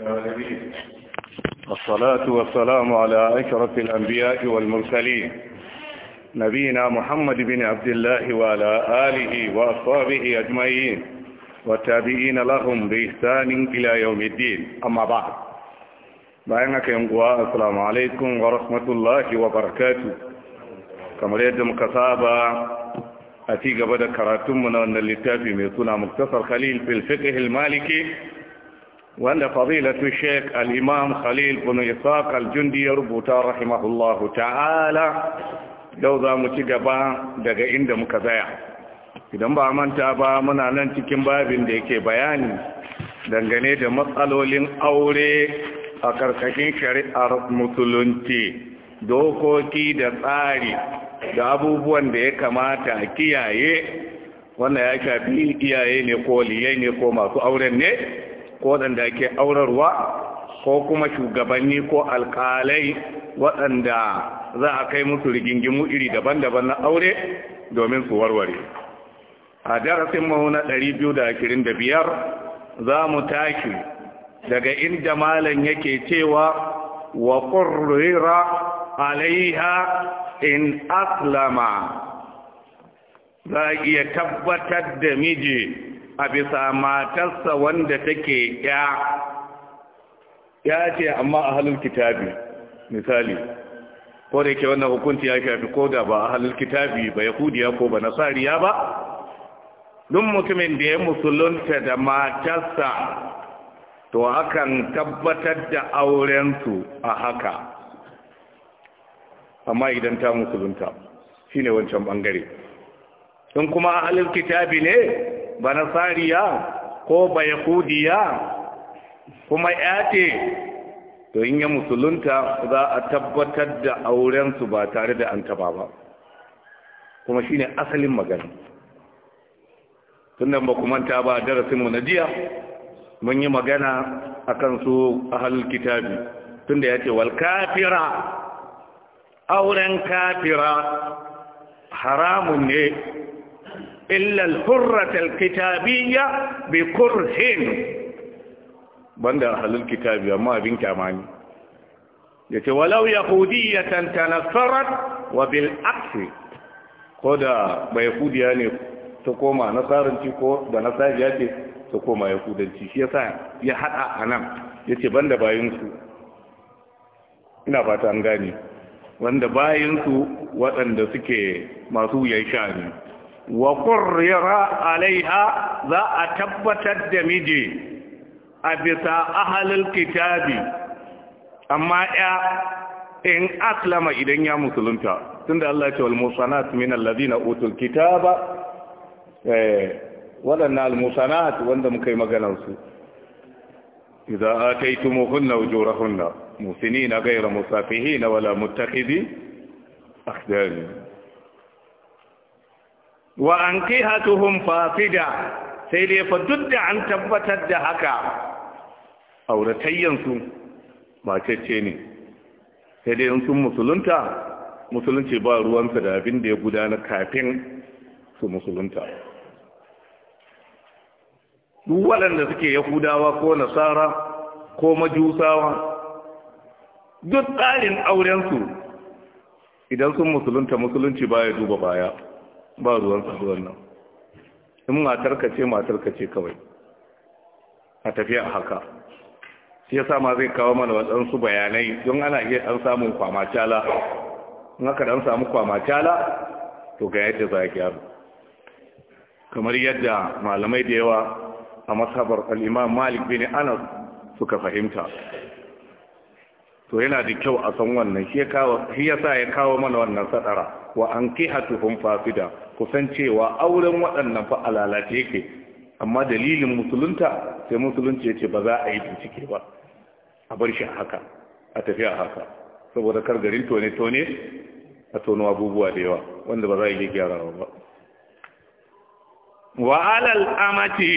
العالمين والصلاة والسلام على أشرف الأنبياء والمرسلين نبينا محمد بن عبد الله وعلى آله وأصحابه أجمعين والتابعين لهم بإحسان إلى يوم الدين أما بعد بأنك ينقوا السلام عليكم ورحمة الله وبركاته كما يجب كسابة أتيك بدأ كراتمنا أن karatunmu na wannan مكتصر خليل في الفقه المالكي wanda fadilatu sheik al-imam khalil bin isaq al-jundi ya rubuta rahimahullahu ta'ala yau za mu ci gaba daga inda muka zaya idan ba manta ba muna nan cikin babin da yake bayani dangane da matsalolin aure a karkashin shari'ar musulunci dokoki da tsari da abubuwan da ya kamata a kiyaye wannan ya shafi iyaye ne ko liye ne ko masu auren ne ko waɗanda ke aurarwa ko kuma shugabanni ko alkalai waɗanda za a kai musu rigingimu iri daban-daban na aure domin su warware a darasin mahu na 225 za mu tashi daga inda malam yake cewa wa ƙurrira alaiha in aslama za a iya tabbatar da miji a bisa matarsa wanda take ya ya ce amma a halin kitabi misali ko da yake wannan hukunci ya shafi ko da ba a halin kitabi ba yahudiya ko ba nasariya ba duk mutumin da ya musulunta da matarsa to akan tabbatar da aurensu a haka amma idan ta musulunta shine wancan bangare in kuma a halin kitabi ne ba nasariya ko ba yahudiya kuma ya ce to in ya musulunta za a tabbatar da aurensu ba tare da an taba ba kuma shi ne asalin magana tunda ba manta ba darasinmu na jiya mun yi magana a su a kitabi tunda ya ce wal kafira auren kafira haramun ne illa al-hurratal kitabiyya bi kurhin banda halal kitabi amma abin kyamani yace walau yahudiyatan tanassarat wa bil aksi Koda bai ba yahudiya ne ta koma nasaranci ko da nasariya ce ta koma yahudanci shi yasa ya hada anan yace banda su. ina fata an gane wanda su waɗanda suke masu wuyan sha'ani wa qurrira alaiha za a tabbatar da miji a bisa ahalul kitabi amma ya in aslama idan ya musulunta tun da Allah ce wal musanat min alladhina utul kitaba eh, Waɗannan wadanna al musanat wanda muka yi maganar su idza ataytumuhunna ujurahunna musinina ghayra musafihin wala muttakhidhi akhdani wa an qihatuhum fasida sai dai fa duk da an tabbatar da haka auratayyansu su macece ne sai dai in sun musulunta musulunci ba ruwansa da abin da ya gudana kafin su musulunta duk waɗanda suke yahudawa ko nasara ko majusawa duk tsarin aurensu idan sun musulunta musulunci baya duba baya ba ruwan zuwan nan. in matarka ce matarka ce kawai a tafiya a haka shi ya ma zai kawo mana waɗansu bayanai don ana iya ɗan samun kwamacala in aka ɗan samu kwamacala to ga yadda za a gyaru kamar yadda malamai da yawa a masabar al'imam malik bin anas suka fahimta to yana da kyau a san wannan shi ya sa ya kawo mana wannan sadara wa an kihatuhum fafida kusan cewa auren waɗannan fa alalace yake amma dalilin musulunta sai musulunci ce ba za a yi bincike ba a bar shi haka a tafi a haka saboda kar garin tone tone a tono abubuwa da yawa wanda ba za a yi gyara ba wa alal amati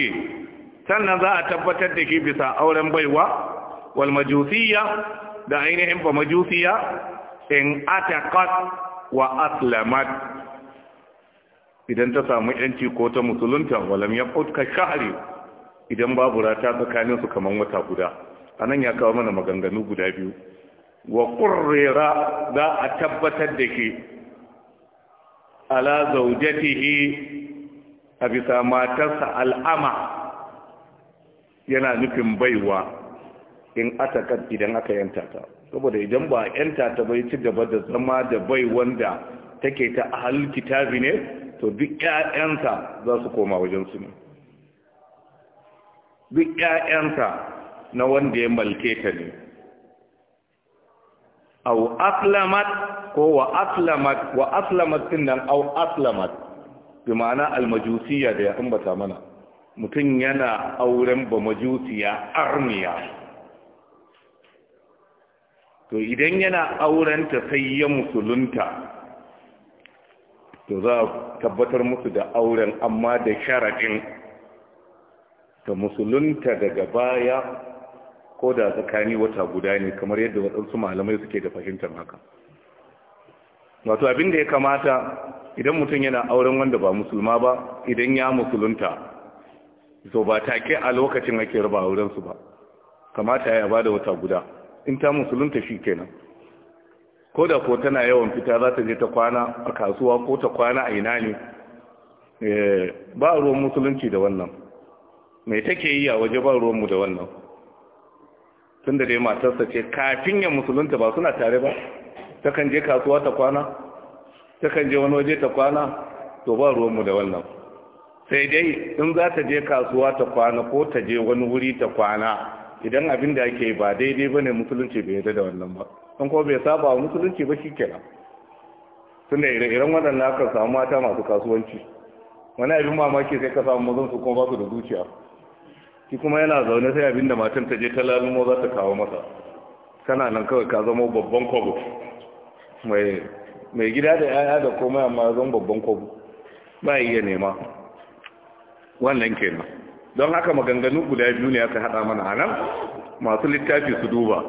sannan za a tabbatar da ke bisa auren baiwa wal majusiya da ainihin ba majusiya in ataqat wa aslamat idan ta samu yanci ko ta musulunta walam ya futka shari. idan babu rata tsakanin su kamar wata guda anan ya kawo mana maganganu guda biyu wa qurrira za a tabbatar da ke ala zawjatihi a matarsa al'ama yana nufin baiwa in atakan idan aka yanta ta saboda idan ba yanta ta bai ci gaba da zama da bai wanda take ta ahal kitabi ne to duk ƴaƴansa za su koma wajen su ne duk ƴaƴansa na wanda ya malke ta ne au aslamat ko wa aslamat wa aslamat din nan au aslamat bi ma'ana almajusiya da ya ambata mana mutum yana auren ba majusiya armiya to idan yana aurenta sai ya musulunta to za a tabbatar musu da auren amma da sharaɗin ta musulunta daga baya ko da tsakani wata guda ne kamar yadda waɗansu malamai suke da fahimtar haka wato abin da ya kamata idan mutum yana auren wanda ba musulma ba idan ya musulunta so ba take a lokacin ake raba aurensu ba kamata ya bada wata guda in ta musulunta shi kenan ko da ko tana yawan fita za ta je ta kwana a kasuwa ko ta kwana a ina ne eh, ba ruwan musulunci da wannan mai take yi a waje ba ruwanmu da wannan tun da dai matarsa ce kafin ya musulunta ba suna tare ba takan je kasuwa ta kwana takan je wani waje ta kwana to ba ruwanmu da wannan sai dai in za ta je kasuwa ta kwana ko ta je wani wuri ta kwana idan abin da ake ba daidai ba ne musulunci bai yarda da wannan ba in ko bai saba wa musulunci ba shi kenan tunda ire-iren waɗanda aka samu mata masu kasuwanci wani abin mamaki sai ka samu mazan su kuma ba su da zuciya ki kuma yana zaune sai abin da matan ta je ta lalumo za ta kawo masa kana nan kawai ka zama babban kwabu mai gida da yaya da komai amma zan babban kwabu ba iya nema wannan kenan don haka maganganu guda biyu ne aka haɗa mana a nan masu littafi su duba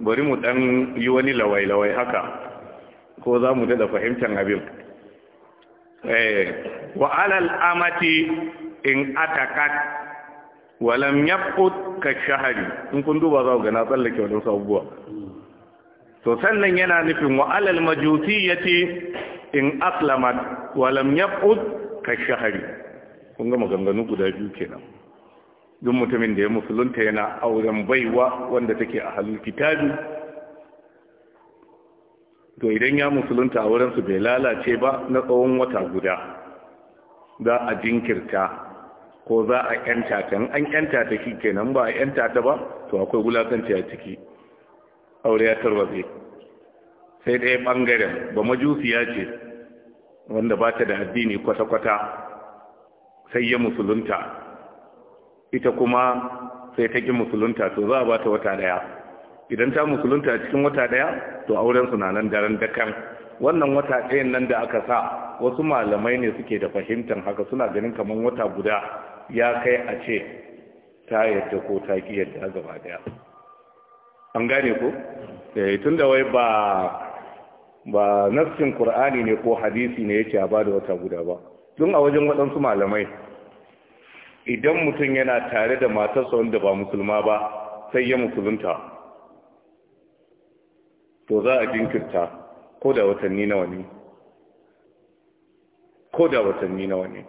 bari mu ɗan yi wani lawai-lawai haka ko za mu daɗa fahimtar abin eh, wa alal amati in atakat walam yaqut ka shahari in kun duba za ku ga na tsallake wannan sabuwa to sannan yana nufin wa alal majusiyati in aslamat walam yaqut ka shahari kun ga maganganu guda biyu kenan duk mutumin da ya musulunta yana auren baiwa wanda take a halin kitabi to idan ya musulunta a wurinsu bai lalace ba na tsawon wata guda za a jinkirta ko za a yanta ta an yanta ta shi kenan ba a yanta ta ba to akwai wulakanci a ciki aure ya tarwatse sai ɗaya ɓangaren ba majusiya ce wanda ba ta da addini kwata-kwata sai ya musulunta ita kuma sai ta ƙi musulunta to za a ba ta wata ɗaya idan ta musulunta cikin wata ɗaya to auren su na nan daren dakan wannan wata ɗayan nan da aka sa wasu malamai ne suke da fahimtar haka suna ganin kamar wata guda ya kai a ce ta yadda ko ta ƙi yadda gaba ɗaya an gane ko eh, tun da wai ba ba nafsin qur'ani ne ko hadisi ne yake a bada wata guda ba tun a wajen waɗansu malamai idan mutum yana tare da matarsa wanda ba musulma ba sai ya musulunta to za a jinkirta ko da watanni nawa ne ko da watanni nawa ne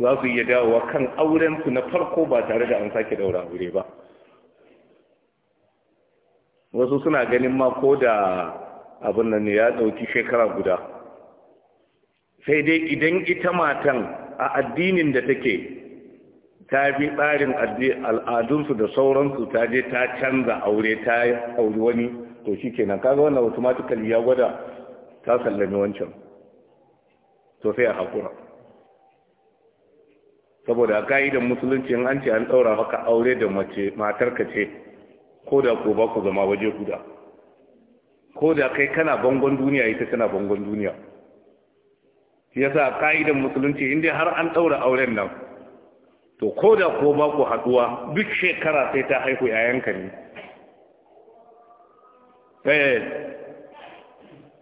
za su iya dawowa kan aurensu na farko ba tare da an sake daura aure ba wasu suna ganin ma ko da abin nan ya ɗauki shekara guda sai dai idan ita matan a addinin da take ta bi tsarin al'adunsu da sauransu ta je ta canza aure ta auri wani to shi kenan kaga wannan automatically ya gwada ta sallami wancan to sai a haƙura saboda a ka'idan musulunci in an ce an ɗaura maka aure da mace matarka ce ko da ko ba ku zama waje guda ko da kai kana bangon duniya ita tana bangon duniya yasa da musulunci inda har an ɗaura auren nan to ko da ko ba ku haɗuwa duk shekara sai ta haihu yayanka ne eh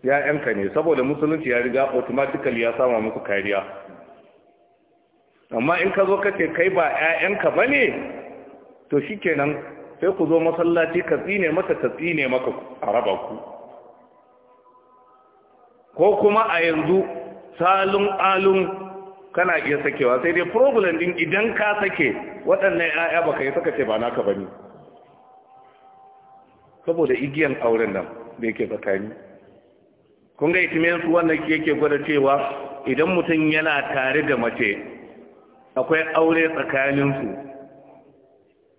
yayanka ne saboda musulunci ya riga automatically ya sama muku kariya amma in ka zo ka ce kai ba yayanka ne? to shi kenan sai ku zo masallaci ka tsine mata ta tsine maka a raba ku ko kuma a yanzu salun alun kana iya sakewa sai dai problem din idan ka sake waɗannan ƴaƴa baka yi saka ce ba naka bane saboda igiyan auren nan da yake tsakani kun ga itimen su wannan yake gwada cewa idan mutum yana tare da mace akwai aure tsakaninsu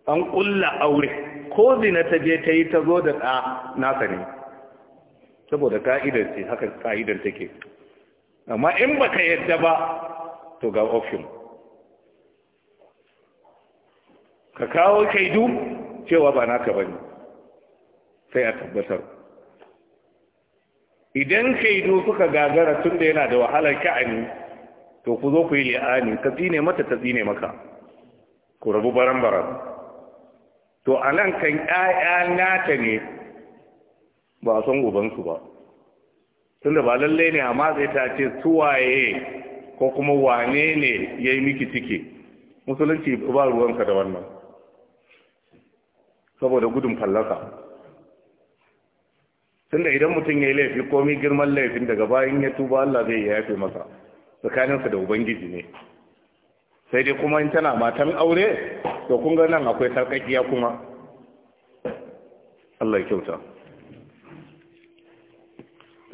an kulla aure ko zina ta je ta yi ta zo da ɗa nasa ne saboda ka'idar ce haka ka'idar take amma in baka yadda ba to ga ofin ka kawo kaidu cewa ba naka ba ne, sai a tabbatar idan kaidu suka gagara tun da yana da wahalar ka'ani to ku zo ku yi li'ani ka tsine mata ta tsine maka ku rabu baran-baran to a nan kan 'ya'ya nata ne ba a san ubansu ba tunda ba lallai ne amma zai ta ce suwaye ko kuma wane ne ya yi miki ciki musulunci ba ruwanka da wannan saboda gudun fallaka. tunda idan mutum ya yi laifi komi girman laifin daga bayan ya tuba Allah zai yi yafe masa tsakaninsa da ubangiji ne sai dai kuma in tana matan aure to kun ga nan akwai sarkakiya kuma Allah ya kyauta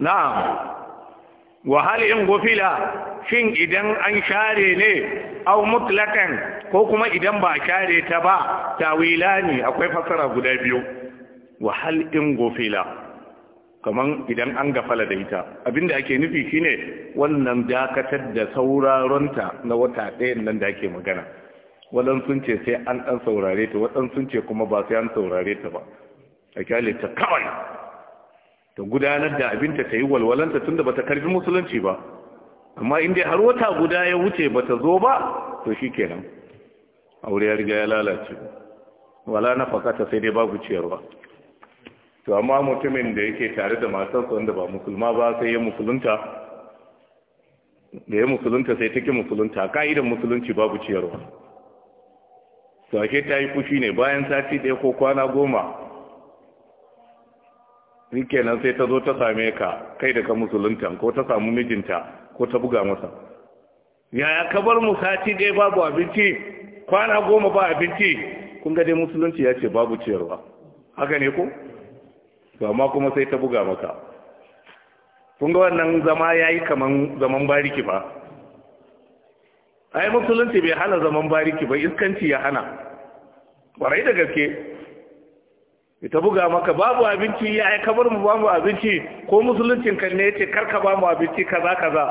na'am wa hal in gufila shin idan an share ne au mutlaqan ko kuma idan ba share ta ba tawila ne akwai fasara guda biyu wa hal in gufila kaman idan an gafala da ita abinda ake nufi shine wannan dakatar da sauraronta na wata ɗayan nan da ake magana wadan sun ce sai an ɗan saurare ta wadan sun ce kuma ba sai an saurare ta ba a kyale ta kawai ta gudanar da abinta ta yi walwalanta tun da bata karfi musulunci ba amma inda har wata guda ya wuce ba ta zo ba to shi kenan aure ya riga ya lalace wala na fakata sai dai babu ciyarwa to amma mutumin da yake tare da matarsa wanda ba musulma ba sai ya musulunta da ya musulunta sai take musulunta ka'idan musulunci babu ciyarwa to ake ta yi fushi ne bayan sati ɗaya ko kwana goma kenan sai ta zo ta same ka kai da ka musulunta ko ta samu mijinta ko ta buga masa yaya ka bar mu sati dai babu abinci kwana goma ba abinci kun ga dai musulunci ya ce babu ciyarwa haka ne ko to amma kuma sai ta buga maka kun ga wannan zama yayi kaman zaman bariki ba ai musulunci bai hana zaman bariki ba iskanci ya hana kwarai da gaske ita buga maka babu abinci ya yi kamar mu bamu abinci ko musuluncin kan ne yace karka bamu abinci kaza kaza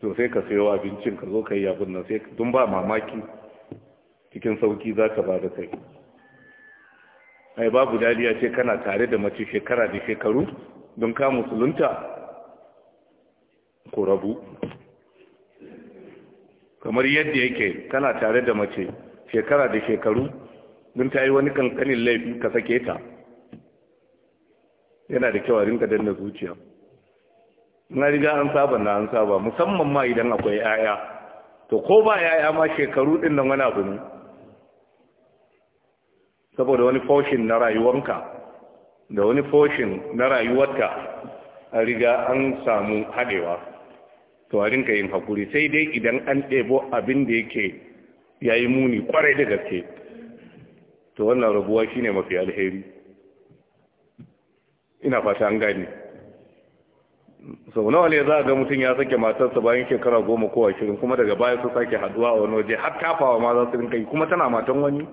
to sai ka sayo abincin ka zo kai yi abin nan sai dun ba mamaki cikin sauki za ka ba da kai ai babu dariya ce kana tare da mace shekara da shekaru don ka musulunta ko rabu kamar yadda yake kana tare da mace shekara da shekaru don ta yi wani kankanin laifi ka sake ta yana da kyau a rinka danna zuciya na riga an saba na an saba musamman ma idan akwai 'ya'ya to ko ba 'ya'ya ma shekaru din nan wani abu ne saboda wani foshin na rayuwanka da wani foshin na rayuwarka a riga an samu haɗewa to a rinka yin hakuri, sai dai idan an ɗebo abin da yake yayi muni kwarai da gaske to wannan rabuwa shine mafi alheri ina fata an gani. sau nawa ne za a ga mutum ya sake matarsa bayan shekara goma ko ashirin kuma daga baya su sake haduwa a wani waje har kafawa ma za su rinka yi kuma tana matan wani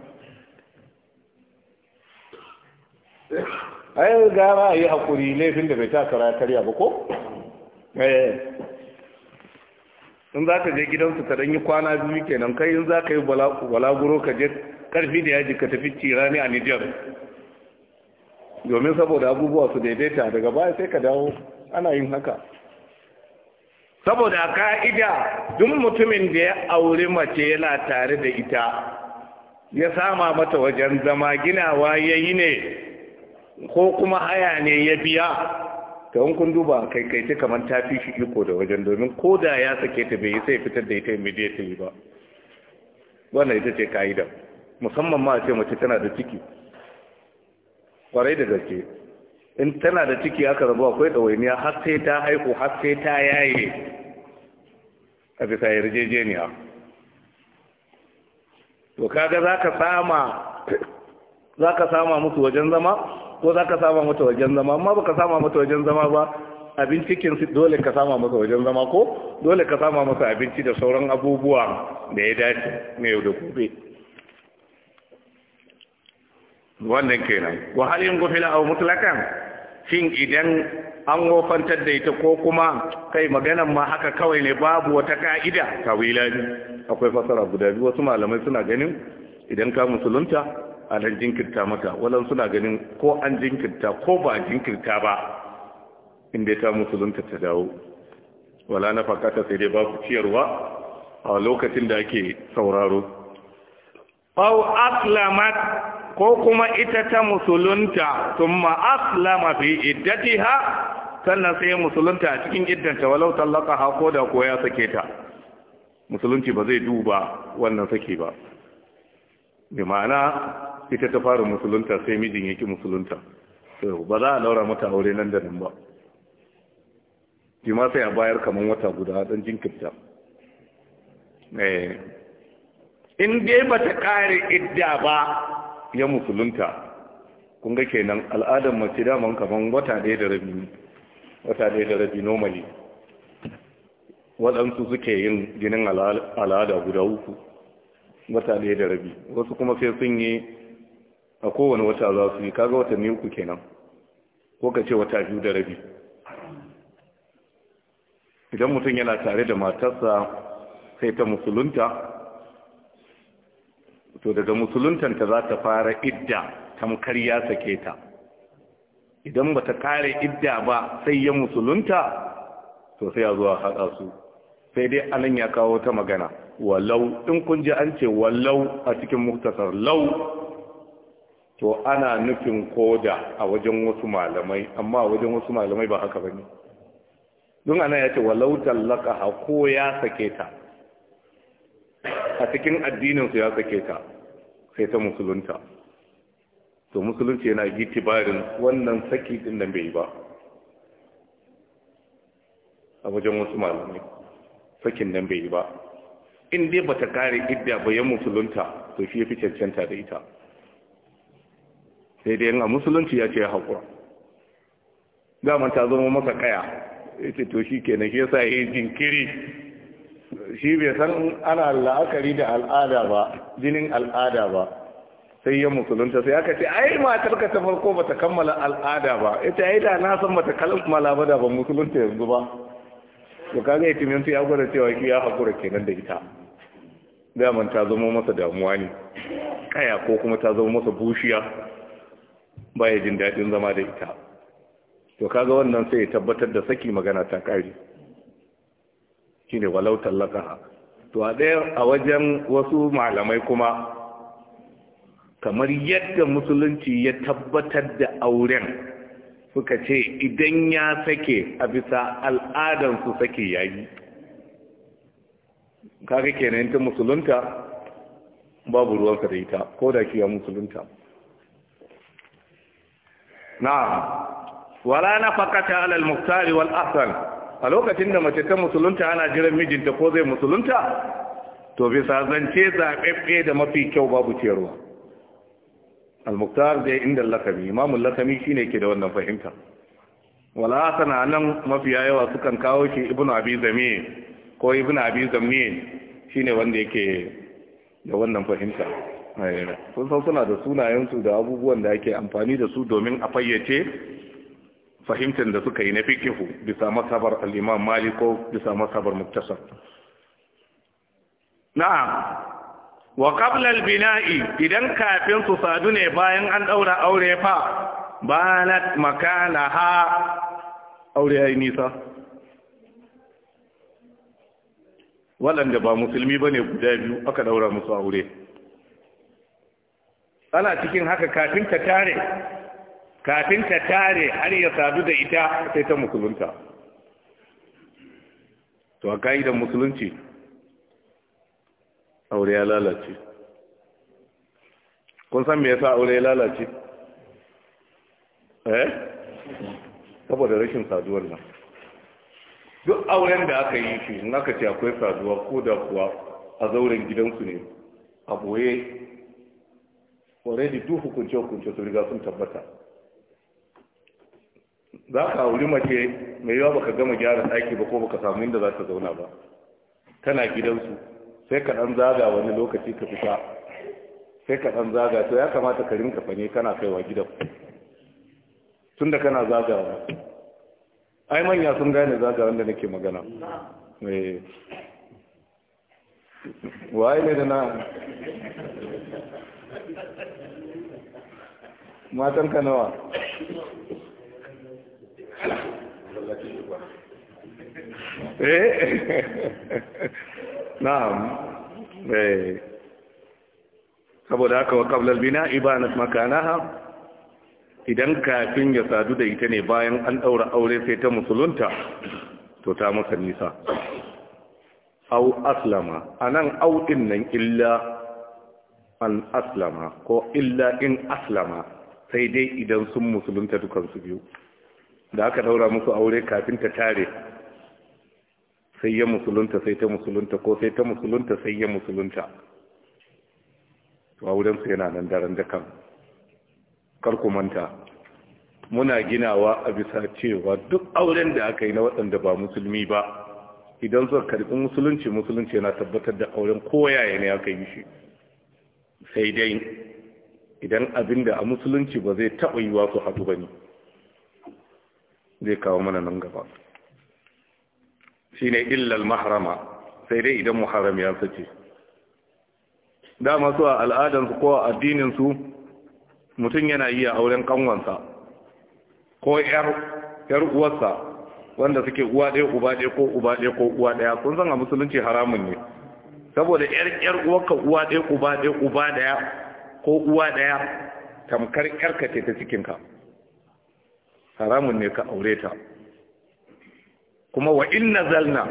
A ai gara a yi haƙuri laifin da bai kara karya ba ko? Eh. in za ka je gidansu ka ɗanyi kwana biyu kenan kai in za ka yi balaguro ka je karfi da yaji ka tafi cirani a Nijar domin saboda abubuwa su daidaita daga baya sai ka dawo ana yin haka saboda ka'ida duk mutumin da ya auri mace yana tare da ita ya sama mata wajen zama ginawa ya yi ne ko kuma haya ne ya biya ta kun duba kai kai ta kamar ta fi shi iko da wajen domin ko da ya sake ta bai sai fitar da ita immediately ba wannan ita ce ka'idar musamman ma a ce mace tana da ciki kwarai da gaske in tana da ciki aka rabu akwai ɗawainiya har sai ta haiku har sai ta yaye a bisa yarjejeniya to kaga za ka sama za ka sama musu wajen zama ko za ka sama mata wajen zama amma ba ka sama mata wajen zama ba abincikin dole ka sama masa wajen zama ko dole ka sama masa abinci da sauran abubuwa da ya dace na yau da gobe wannan kenan wa hal yunqila aw mutlaqan shin idan an wofantar da ita ko kuma kai maganan ma haka kawai ne babu wata ka'ida tawilani akwai fasara guda biyu wasu malamai suna ganin idan ka musulunta a nan jinkirta maka walan suna ganin ko an jinkirta ko ba jinkirta ba inda ta musulunta ta dawo wala na fakata sai dai babu ciyarwa a lokacin da ake sauraro aw aslamat ko kuma ita ta musulunta thumma aslama fi iddatiha sannan sai musulunta a cikin iddanta walau ha ko da ko ya sake ta musulunci ba zai duba wannan sake ba bi ma'ana ita ta fara musulunta sai mijin yake musulunta ba za a daura mata aure nan da nan ba jima sai a bayar kaman wata guda don jinkirta eh. in dai ba ta kare idda ba ya musulunta kun ga kenan al'adar mace daman kaman wata ɗaya da rabi wata ɗaya da rabi normally waɗansu suke yin ginin al'ada guda uku wata ɗaya da rabi wasu kuma sai sun yi a kowane wata za su yi kaga watanni uku kenan ko ka ce wata biyu da rabi idan mutum yana tare da matarsa sai ta musulunta to daga musuluntanta za ta fara idda tamkar ya sake ta idan ba ta kare idda ba sai ya musulunta to sai ya zuwa haɗa su sai dai anan ya kawo ta magana walau in kun ji an ce walau a cikin muktasar lau to ana nufin koda a wajen wasu malamai amma a wajen wasu malamai ba haka bane don ana ya ce walau tallaka ko ya sake ta a cikin addininsu ya sake ta sai ta musulunta to musulunci yana gitibarin wannan saki din nan bai ba a wajen wasu malamai sakin nan bai ba in dai bata kare idda bayan musulunta to shi ya fi cancanta da ita sai dai a musulunci ya ce ya haƙura daman ta zama masa kaya ya ce to shi kenan shi yasa ya yi jinkiri shi bai san ana la'akari da al'ada ba jinin al'ada ba sai ya musulunta sai aka ce ai matarka ta farko ko bata kammala al'ada ba ita ai da na san bata kammala ba da ban musulunta yanzu ba to kaga yatimin ya gwada cewa ki ya hakura kenan da ita daman ta zama masa damuwa ne kaya ko kuma ta zama masa bushiya baya jin daɗin zama da ita to kaga wannan sai ya tabbatar da saki magana ta kare shine walau tallaqaha to a ɗaya a wajen wasu malamai kuma kamar yadda musulunci ya tabbatar da auren suka ce idan ya sake a bisa al'adansu sake yayi kaga kenan ta musulunta babu ruwan da ita ko da shi ya musulunta na wala na fakata alal muktari wal Asan. a lokacin da mace ta musulunta ana jiran mijinta ko zai musulunta to bisa zance zaɓeɓɓe da mafi kyau babu ceruwa al-muktar da inda lakami imamun lakami shi ne ke da wannan fahimta wala sana nan mafiya yawa sukan kawo shi ibnu abi zamiye ko ibnu abi zamiye ne wanda yake da wannan fahimta eh, sun san suna da sunayensu da abubuwan da ake amfani da su domin a fayyace fahimtar da suka yi na fikihu bisa masabar al'imam maliko bisa masabar muktasar na'am wa qablal bina'i idan kafin su sadu ne bayan an ɗaura aure fa makana ha. aure yi nisa waɗanda ba musulmi ba ne guda biyu aka ɗaura musu aure ana cikin haka kafin ta tare kafin ta tare har ya sadu da ita sai ta musulunta to a ka'idar musulunci aure ya lalace kun san me yasa aure ya lalace eh saboda rashin saduwar nan duk auren da aka yi shi in aka ce akwai saduwa ko da kuwa a zauren gidansu ne a boye already duk hukunce hukunce su riga sun tabbata za ka auri mace mai yawa baka gama gyara ɗaki ba ko baka samu inda za ta zauna ba tana gidansu sai ka ɗan zaga wani lokaci ka fita sai ka ɗan zaga to ya kamata ka rinka fane kana kaiwa gidan tun da kana zagawa ai manya sun gane zaga wanda nake magana eh. waye ne da na matan ka nawa Eh? na'am eh. saboda haka wa qablar bina ibanat makanaha idan kafin ya sadu da ita ne bayan an daura aure sai ta musulunta to ta masa nisa au aslama anan au din nan illa an aslama ko illa in aslama sai dai idan sun musulunta dukansu biyu da aka daura musu aure kafin ta tare sai ya musulunta sai ta musulunta ko sai ta musulunta sai ya musulunta to aurensu yana nan daren dakan karku manta muna ginawa a bisa cewa duk auren da aka yi na waɗanda ba musulmi ba idan zuwa karɓi musulunci musulunci yana tabbatar da auren koyaye ne aka yi shi sai dai idan abinda a musulunci ba zai taɓa yi su haɗu ba ne zai kawo mana nan gaba shine illal mahrama sai dai idan muharram ya sace dama su a al'adansu ko a addininsu mutum yana yi a auren kanwansa ko yar uwarsa wanda suke uwa ɗaya uba ɗaya ko uba ɗaya ko uwa ɗaya kun san a musulunci haramun ne saboda yar yar uwarka uwa ɗaya uba ɗaya uba ɗaya ko uwa ɗaya tamkar yarka ce ta cikinka haramun ne ka aure ta kuma wa in nazalna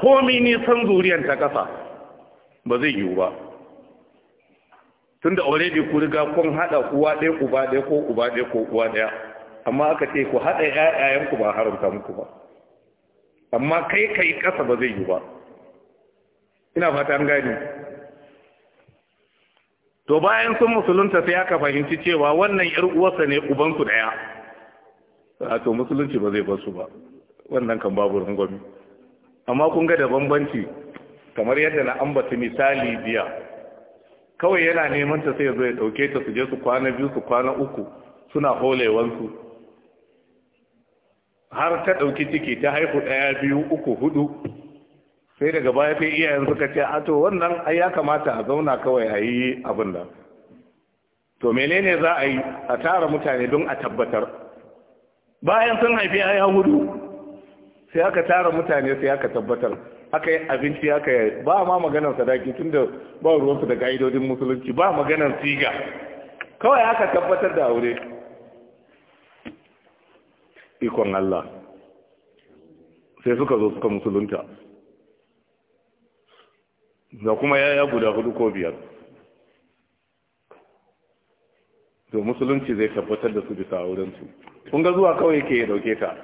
komi nisan zuriyar ta kasa ba zai yiwu ba tunda aure da ku riga kun hada uwa ɗaya uba ɗaya ko uba ɗaya ko uwa ɗaya amma aka ce ku hada ƴaƴayen ku ba haramta muku ba amma kai kai kasa ba zai yiwu ba ina fata an gani to bayan sun musulunta sai aka fahimci cewa wannan yar uwarsa ne ubansu daya Ah, to musulunci ba zai basu su ba wannan kan babu rangwami amma kun ga da bambanci kamar yadda na ambata misali biya kawai yana neman ta sai ya dauke ta su je su kwana biyu su kwana uku suna holewansu har ta dauki ciki ta haihu daya biyu uku hudu sai daga baya sai iyayen suka ce a to wannan ai ya kamata a zauna kawai a yi abin nan to menene za a yi a tara mutane don a tabbatar bayan sun haifi ya hudu sai aka tara mutane sai aka tabbatar aka yi abinci aka yi ba ma maganar sadaki tun da ba ruwansu da ka'idodin musulunci ba maganar siga kawai aka tabbatar da aure ikon Allah sai suka zo suka musulunta da kuma ya yi guda hudu ko biyar to musulunci zai tabbatar da su bisa aurensu kun ga zuwa kawai ke ya dauke ta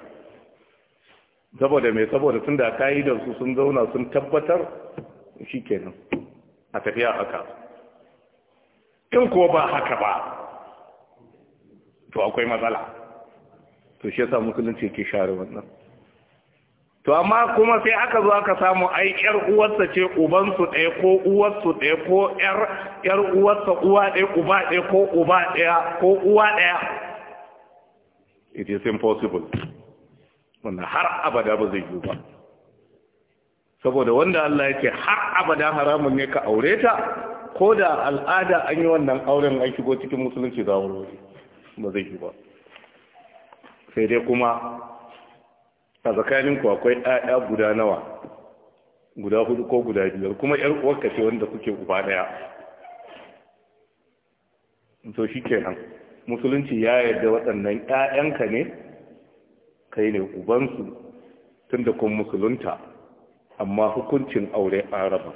saboda mai saboda sun da da su sun zauna sun tabbatar shi kenan a tafiya haka in ko ba haka ba to akwai matsala to shi yasa musulunci ke share wannan to amma kuma sai aka zo aka samu ai yar uwarsa ce uban su ɗaya ko uwar su ɗaya ko yar yar uwarsa uwa ɗaya uba ɗaya ko uba ɗaya ko uwa ɗaya it is impossible wannan har abada ba zai yi ba saboda wanda Allah yake har abada haramun ne ka aure ta ko da al'ada an yi wannan auren an shigo cikin musulunci za wuri ba zai yi ba sai dai kuma a ku akwai ɗaya guda nawa guda hudu ko guda biyar kuma ‘yar uwarka ce wanda kuke uba ɗaya so shi kenan musulunci ya yarda waɗannan ƴaƴanka ne kai ne ubansu tunda kun musulunta amma hukuncin aure an raba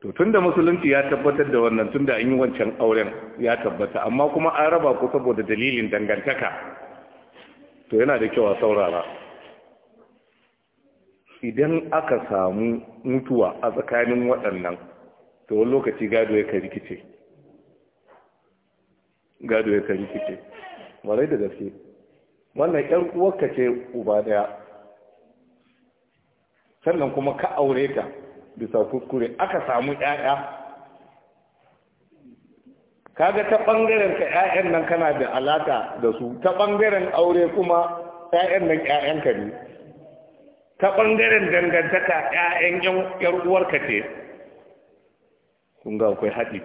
to tunda musulunci ya tabbatar da wannan tunda an yi wancan auren ya tabbata amma kuma an raba ku saboda dalilin dangantaka to yana da kyau a saurara idan aka samu mutuwa a tsakanin waɗannan to wani lokaci gado ya ka rikice gado ya kari fice marai da gaske wannan ƴar uwarka ce uba daya sannan kuma ka aure ta bisa kuskure aka samu ƴaƴa kaga ta bangaren ka ƴaƴan nan kana da alaka da su ta bangaren aure kuma ƴaƴan nan ƴaƴan ka ne ta bangaren dangantaka ƴaƴan ƴan uwarka ce kun ga akwai haɗi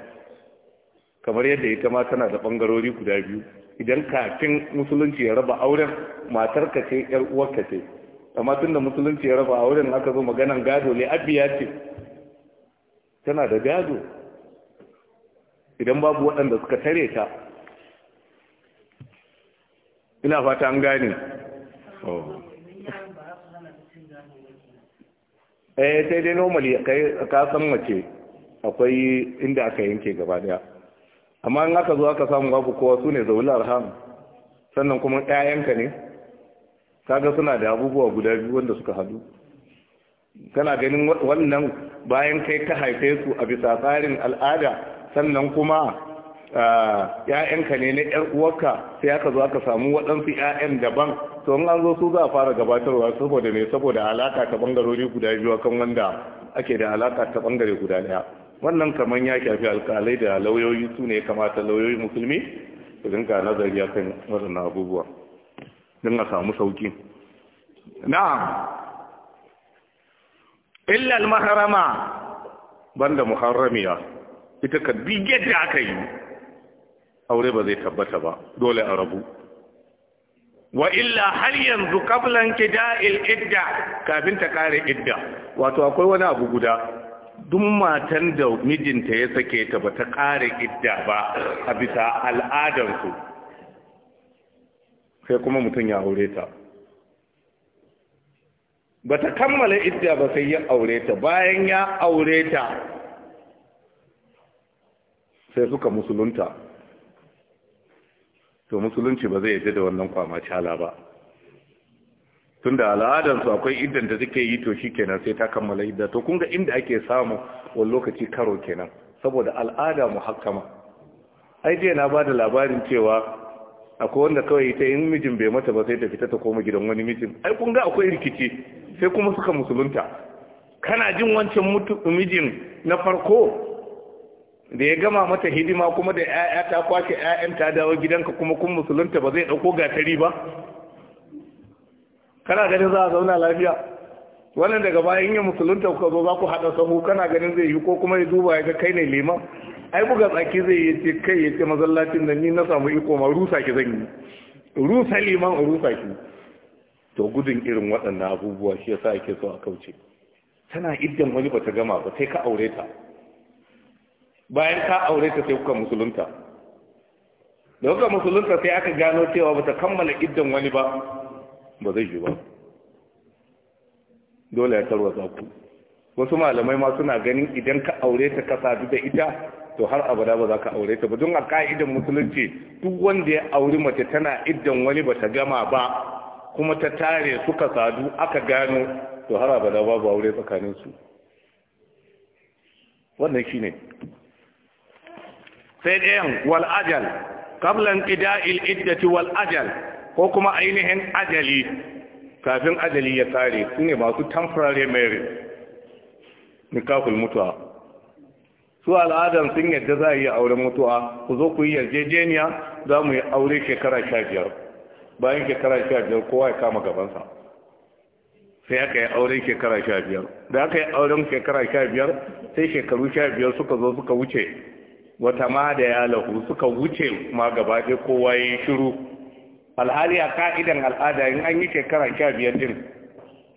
kamar yadda ita ma tana da bangarori guda biyu idan kafin musulunci ya raba auren matar ka ce yar ka ce amma tunda musulunci ya raba auren aka zo maganan gado ne abiya ce tana da gado idan babu waɗanda suka tare ta ina fata an gane eh sai dai normally ka san mace akwai inda aka yanke gaba daya amma in aka zo aka samu babu kowa su ne zaune arham sannan kuma ƴaƴanka ne kaga suna da abubuwa guda biyu wanda suka hadu kana ganin wannan bayan kai ka haife su a bisa tsarin al'ada sannan kuma ƴaƴanka ne na ƴar uwarka sai aka zo aka samu waɗansu ƴaƴan daban to in an zo su za a fara gabatarwa saboda ne saboda alaka ta bangarori guda biyu kan wanda ake da alaka ta bangare guda ɗaya wannan kamar ya shafi alkalai da lauyoyi su ne kamata lauyoyi musulmi su dinga nazari kan waɗannan abubuwa don a samu sauki na'am illal maharama. banda muharramiya ita ka bige da aka yi aure ba zai tabbata ba dole a rabu wa illa har yanzu kablan da'il idda kafin ta kare idda wato akwai wani abu guda duk matan da mijinta ya sake ta ba ta ƙare idda ba a bisa al'adarsu sai kuma mutum ya aure ta ba ta kammala idda ba sai ya aure ta bayan ya aure ta sai suka musulunta to musulunci ba zai yaje da wannan kwamacala ba tunda al'adansu akwai idan da suke yi to shikenan sai ta kammala idda to kun ga inda ake samu wani lokaci karo kenan saboda al'ada muhakkama ai jiya na bada labarin cewa akwai wanda kawai ita in mijin bai mata ba sai ta fita ta koma gidan wani mijin ai kun ga akwai rikici sai kuma suka musulunta kana jin wancan mijin na farko da ya gama mata hidima kuma da 'ya'ya ta kwace 'ya'yan ta dawo gidanka kuma kun musulunta ba zai dauko gatari ba kana ganin za a zauna lafiya wannan daga bayan yin musulunta kuka zo za ku haɗa sahu kana ganin zai yi ko kuma ya duba ya ga kai ne liman ai buga tsaki zai yi ce kai ya ce mazallacin da ni na samu iko ma rusa ki zan yi rusa liman a rusa ki to gudun irin waɗannan abubuwa shi yasa ake so a kauce tana iddan wani bata gama ba sai ka aure ta bayan ka aure ta sai kuka musulunta da kuka musulunta sai aka gano cewa bata kammala iddan wani ba ba zai ba dole ya za ku wasu malamai ma suna ganin idan ka aure ta ka sadu da ita to har abada ba za ka aure ta ba don a ka'idan musulunci duk wanda ya auri mace tana idan wani ba ta gama ba kuma ta tare suka sadu aka gano to har abada ba aure tsakanin su wannan ne. sai ɗayan wal'ajal, ajal ƙida il'iddati wal'ajal. wal ko kuma ainihin ajali kafin ajali ya kare su ne masu temporary marriage nikahul mutuwa su al'adar sun yadda za a yi auren mutuwa ku zo ku yi yarjejeniya za mu yi aure shekara sha biyar bayan shekara sha biyar kowa ya kama gabansa sai aka yi auren shekara sha biyar da aka yi auren shekara sha biyar sai shekaru sha biyar suka zo suka wuce wata ma da ya lahu suka wuce ma gaba ɗaya kowa ya yi shiru alhali a ka'idan al'ada in an yi shekara sha biyar din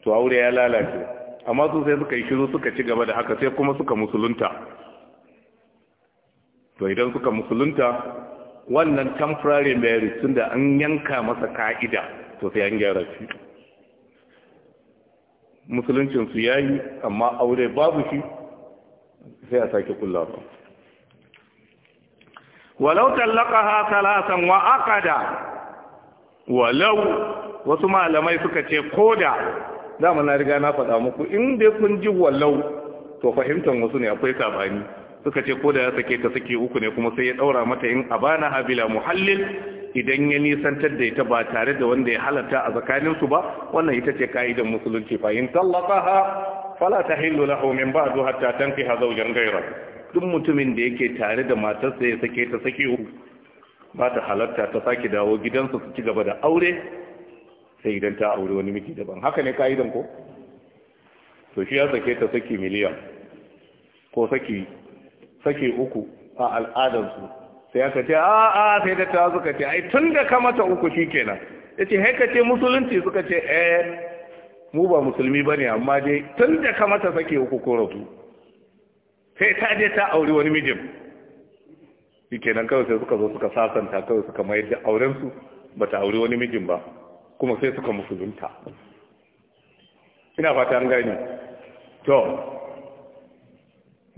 to aure ya lalace amma su sai suka yi shiru suka ci gaba da haka sai kuma suka musulunta to idan suka musulunta wannan temporary marriage tun da an yanka masa ka'ida to sai an gyara shi musuluncinsu ya yi amma aure babu shi sai a sake kulla ba walau tallaka ha talatan wa aqada walau wasu malamai suka ce koda da na riga na faɗa muku in dai kun ji walau to fahimtar wasu ne akwai sabani suka ce koda ya sake ta sake uku ne kuma sai ya daura mata in abana habila muhallil idan ya nisantar da ita ba tare da wanda ya halatta a tsakaninsu ba wannan ita ce ka'idar musulunci fa in tallaqaha fala tahillu lahu min ba'du hatta tankiha zawjan ghayra duk mutumin da yake tare da matarsa ya sake ta sake uku ba ta halarta ta sake dawo gidansu su ci gaba da aure sai idan ta aure wani miki daban haka ne ka'idan ko to shi ya sake ta saki miliyan ko saki saki uku a al'adansu? sai aka ce a a sai da ta suka ce ai tun da ka mata uku shikenan ya ce he kace musulunci suka ce eh mu ba musulmi ba ne amma dai tun da ka mata saki uku ko rabu, sai ta je ta aure wani mijin shi kenan kawai sai suka zo suka sasanta kawai suka mayar da aurensu ba ta auri wani mijin ba kuma sai suka musulunta ina fata an gani to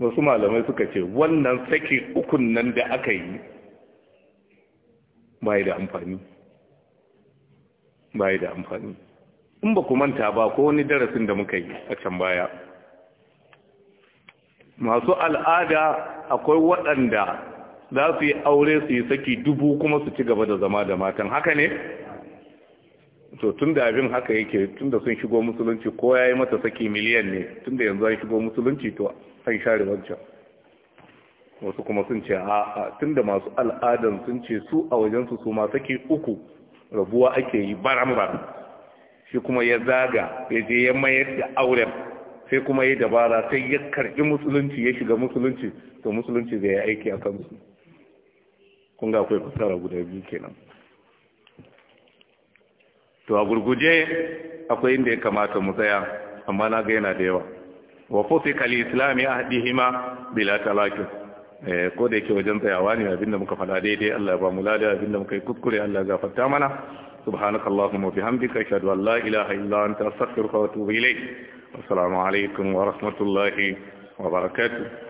wasu malamai suka ce wannan saki ukun nan da aka yi bai da amfani bai da amfani in ba ku manta ba ko wani darasin da muka yi a can baya masu al'ada akwai waɗanda za su yi aure su yi saki dubu kuma su ci gaba da zama da matan haka ne to tun da abin haka yake tun da sun shigo musulunci ko ya yi mata saki miliyan ne tun da yanzu an shigo musulunci to an share wancan wasu kuma sun ce a tun da masu al'adan sun ce su a wajensu su ma saki uku rabuwa ake yi baran-baran shi kuma ya zaga ya je ya mayar da auren sai kuma ya dabara sai ya karɓi musulunci ya shiga musulunci to musulunci zai yi aiki a kansu kun ga akwai fasara guda biyu kenan to a gurguje akwai inda ya kamata mu tsaya amma na ga yana da yawa wa fusika li islami ahdihima bila talaki eh ko da yake wajen tsayawa ne abinda muka fada daidai Allah ya ba mu ladai abinda muka yi kuskure Allah ya gafarta mana subhanakallahumma wa bihamdika ashhadu an la ilaha illa anta astaghfiruka wa atubu ilayk assalamu alaikum wa rahmatullahi wa barakatuh